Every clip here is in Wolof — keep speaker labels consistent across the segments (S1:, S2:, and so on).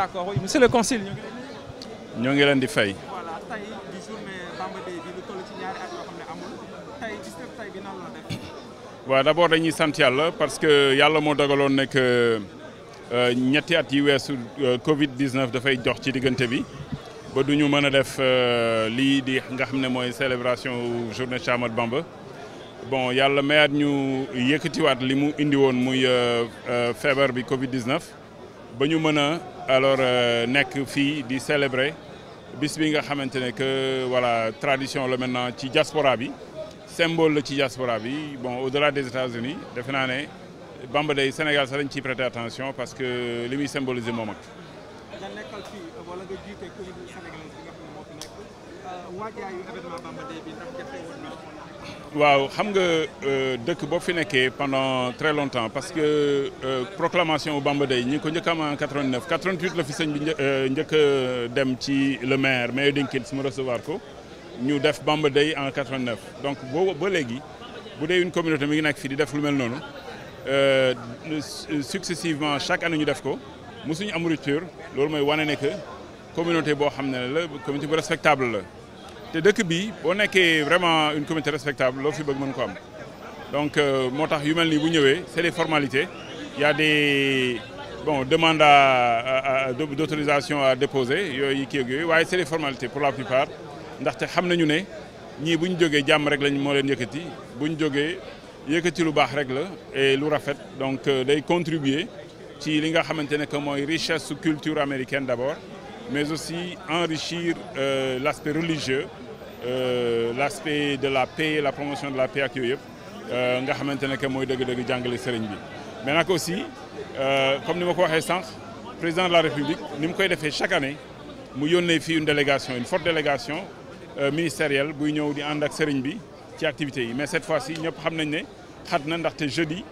S1: d'accord oui monsieur le ñoo ngi leen di fay. voilà tey di dañuy sant yàlla parce que yàlla moo dogaloon nekk euh, ñetti at yi weesu euh, Covid 19 dafay jox ci diggante bi ba du ñu mën a def euh, lii di nga xam ne mooy célébration journée Cheikh Ahmadou Bamba. bon yàlla mayaat ñu yëkkatiwaat li mu indi woon muy feebar bi Covid 19. ba ñu mën a alors euh, nekk fii di célébrer bis nga xamante ne que voilà tradition la maintenant ci jaspora bi symbole la ci diaspora bi bon au-delà des États-Unis defe naa ne Bamba Day Sénégal sax dañ ciy attention parce que li muy symboliser moom ak. waaw xam nga euh, dëkk boo fi nekkee pendant très longtemps parce que euh, proclamation bu Bamba Day ñi ko njëkk am en 89 88 la fi sëñ bi euh, njëkk dem ci le maire Mayo Dinkins mu recevoir ko ñu def Bamba Day en 89 donc boo ba léegi bu dee une communauté mi ngi nekk fii di def lu mel noonu successivement chaque année ñu def ko mosuñu am rupture loolu mooy wane ne que communauté boo xam ne la communauté bu respectable la te dëkk bii boo nekkee vraiment une communauté respectable loo fi bëgg mën ko am donc euh, moo tax yu mel nii bu ñëwee c'est des formalité il y a des bon demandes d'autorisation à déposer yooyu kii ak yooyu waaye c'est des formalités pour la plupart ndaxte xam nañu ne ñii bu ñu jógee jàmm rek lañ moo leen yëkkati bu ñu jógee yëkkati lu baax rek la lu rafet donc euh, day contribuer ci li nga xamante ne que mooy richesse culture américaine d'abord mais aussi enrichir euh, l'aspect religieux euh, l'aspect de la paix la promotion de la paix ak yooyu yëpp euh, nga xamante ne que mooy dëgg-dëgg jàngale sëriñ bi. mais nag aussi euh, comme ni ma ko waxee sànq président de la république ni mu koy defee chaque année mu yónnee fii une délégation une forte délégation euh, ministérielle buy ñëw di ànd ak sëriñ bi ci activités yi mais cette fois-ci ñëpp xam nañ ne xat na ndaxte jeudi.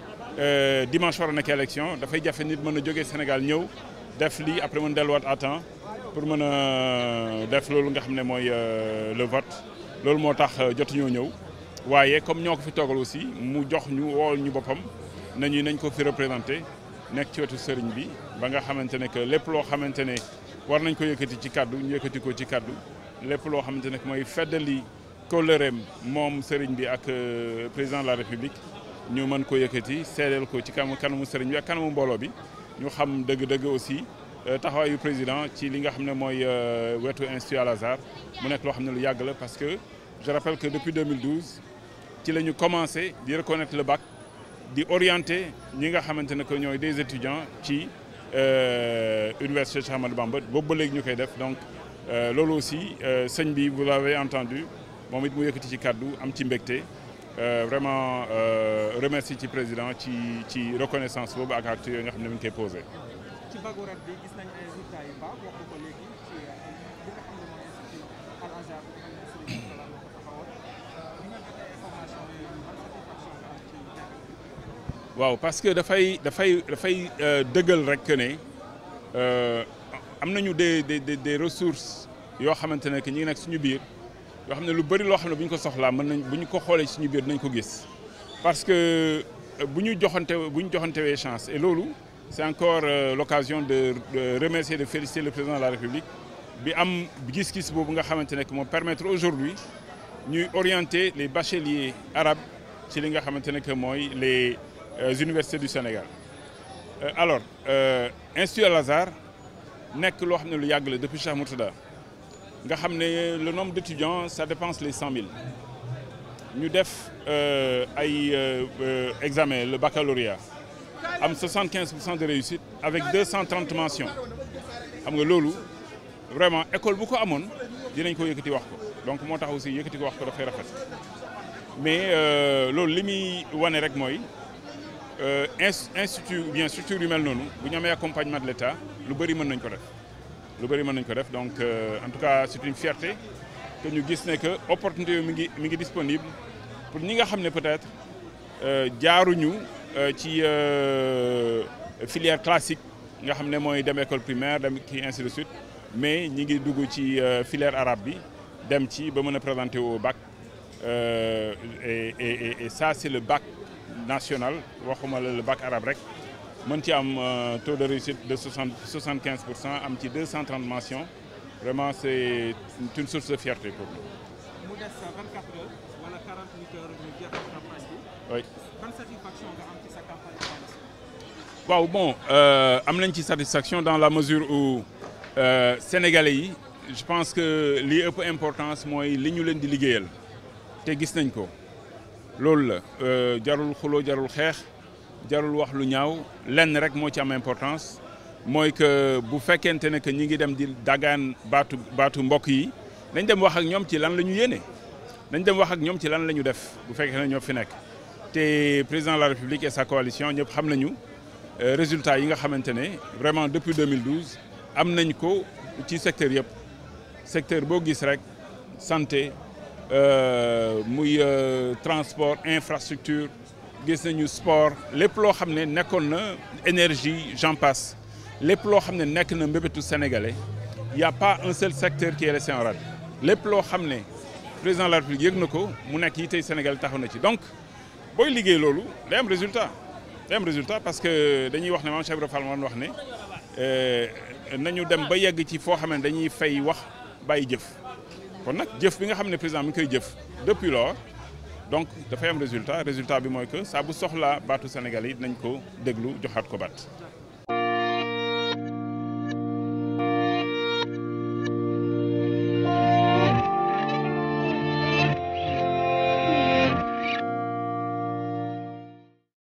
S1: dimanche war a nekk élection dafay jafe nit mën a jógee Sénégal ñëw def lii après mën delluwaat à temps pour mën a def loolu nga xam ne mooy euh, le vote loolu moo tax euh, jotuñoo ñëw waaye comme ñoo ko fi toogal aussi mu jox ñu wool ñu boppam nañu nañ ko fi représenté nekk ci wetu sëriñ bi ba nga xamante ne que lépp loo xamante ne war nañ ko yëkkati ci kàddu ñu yëkkati ko ci kàddu lépp loo xamante ne que mooy feddali kóllëreem moom sëriñ bi ak euh, président de la république ñu mën ko yëkkati seedeel ko ci kanamu kanamu sëriñ bi ak kanamu mbooloo bi ñu xam dëgg-dëgg aussi Euh, taxawaayu président ci li nga xam ne mooy euh, wetu institut Al Azhar mu nekk loo xam ne lu yàgg la parce que je rappelle que depuis 2012 ci la ñu commencé di reconnaître le bac di orienter ñi nga xamante ne que ñooy des étudiants ci euh, université Cheikh Ahmadou Bamba boobu ba léegi ñu koy def donc loolu aussi sëñ bi vous l'avez entendu moom it mu yëkkati ci kàddu am ci mbégte vraiment remercie ci président ci ci reconnaissance boobu ak acte nga xam ne mi ngi koy ci euh, waaw parce que dafay dafay dafay euh, dëggal rek ne euh, am nañu de des des des ressources yoo xamante ne que ñu ngi nekk suñu biir yoo xam ne lu bari loo xam ne bu ñu ko soxlaa mën nañ bu ñu ko xoolee suñu biir dinañ ko gis parce que bu ñu joxante bu ñu joxantewee chance et loolu. c'est encore euh, l'occasion de, de remercier et de féliciter le président de la République bi am gis-gis boobu nga xamante ne que moo permettre aujourd'hui ñuy orienter les bacheliers arabes ci li nga xamante ne que mooy les euh, universités du Sénégal euh, alors euh, Institut Al-Azhar nekk loo xam ne lu yàgg la depuis Cheikh Mourtada nga xam ne le nombre d'étudiants ça dépense les cent mille ñu def euh, ay euh, examen le baccalauréat am 75 pour cent de réussite avec 230 mentions xam nga loolu vraiment école bu ko amoon dinañ ko yëkkati wax ko donc moo tax aussi yëkkati ko wax ko dafay rafet mais euh, loolu li muy wane rek mooy euh, institut ou bien structure yu mel noonu bu ñu amee accompagnement de l'État lu bëri mën nañ ko def lu bëri mën nañ ko def donc euh, en tout cas c'est une fierté que ñu gis ne que opportunité yooyu mi ngi mi ngi disponible pour ñi nga xam ne peut-être jaaruñu Euh, ci euh, filière classique nga xam ne mooy dem école primaire dem ki ainsi de suite mais ñi ngi dugg ci euh, filière arab bi dem ci ba mën a présenter au bac et et et ça c'est le bac national waxuma la le back arab rek mën ci am taux de réussite de soixante soixante quinze pour cent am ci deux cent trente mentions vraiment c'est une source de fierté pour nous. waaw bon euh, am nañ ci satisfaction dans la mesure où euh, sénégalais yi je pense que li ëpp importance mooy li ñu leen di liggéeyal te gis nañ ko loolu la euh, jarul xuloo jarul xeex jarul wax lu ñaaw lenn rek moo ci am importance mooy que bu fekkente ne que ñi ngi dem di dagaan baatu baatu mbokk yi nañ dem wax ak ñoom ci lan la ñu yéene nañ dem wax ak ñoom ci lan la ñu def bu fekkee ne ñoo fi nekk te président de la république et sa coalition ñëpp xam nañu euh, résultat yi nga xamante ne vraiment depuis 2012 am nañ ko ci secteur yëpp secteur boo gis rek santé euh, muy euh, transport infrastructure gis nañu sport lépp loo xam ne nekkoon na énergie j'en passe lépp loo xam ne nekk na mbébétu sénégalais y a pas un seul secteur qui est resté en rade lépp loo xam ne président de la république yëg na ko mu nekk yi tey Sénégal taxaw na ci donc booy liggéey loolu day am résultat day am résultat parce que dañuy wax ne maam Cheikh Ibra Fall moom wax ne euh, nañu dem ba yegg ci foo xam ne dañuy fay wax bàyyi jëf kon nag jëf bi nga xam ne président mi ngi koy jëf depuis lors donc dafa am résultat résultat bi mooy que saa bu soxlaa baatu Sénégal yi dinañ ko déglu joxaat ko baat